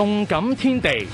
動感天地，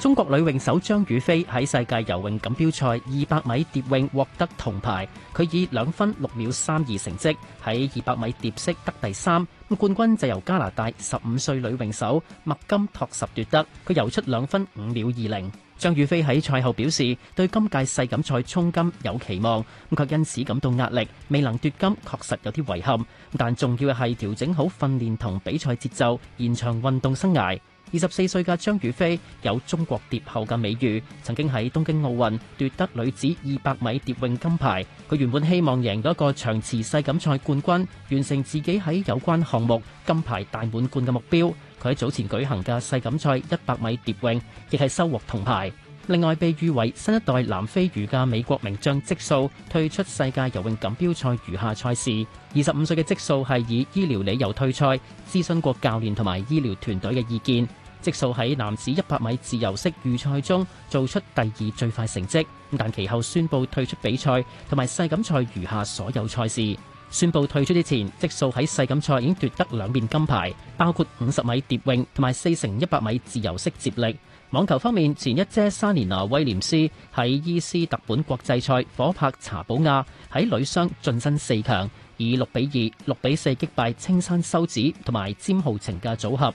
中國女泳手張雨霏喺世界游泳錦標賽二百米蝶泳獲得銅牌，佢以兩分六秒三二成績喺二百米蝶式得第三，咁冠軍就由加拿大十五歲女泳手麥金托什奪得，佢游出兩分五秒二零。張雨霏喺賽後表示，對今屆世錦賽衝金有期望，咁卻因此感到壓力，未能奪金確實有啲遺憾，但重要係調整好訓練同比賽節奏，延長運動生涯。二十四歲嘅張雨霏有中國蝶后嘅美譽，曾經喺東京奧運奪得女子二百米蝶泳金牌。佢原本希望贏到一個長池世錦賽冠軍，完成自己喺有關項目金牌大滿貫嘅目標。佢喺早前舉行嘅世錦賽一百米蝶泳亦係收穫銅牌。另外，被譽為新一代南非魚嘅美國名將積數退出世界游泳錦標賽餘下賽事。二十五歲嘅積數係以醫療理由退賽，諮詢過教練同埋醫療團隊嘅意見。積數喺男子一百米自由式預賽中做出第二最快成績，但其後宣布退出比賽同埋世錦賽餘下所有賽事。宣布退出之前，積數喺世錦賽已經奪得兩面金牌，包括五十米蝶泳同埋四乘一百米自由式接力。網球方面，前一姐莎蓮娜威廉斯喺伊斯特本國際賽火拍查保亞喺女雙晉身四強，以六比二、六比四擊敗青山修子同埋詹皓晴嘅組合。